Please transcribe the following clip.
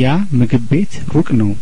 ያ ምግብ ቤት ሩቅ ነው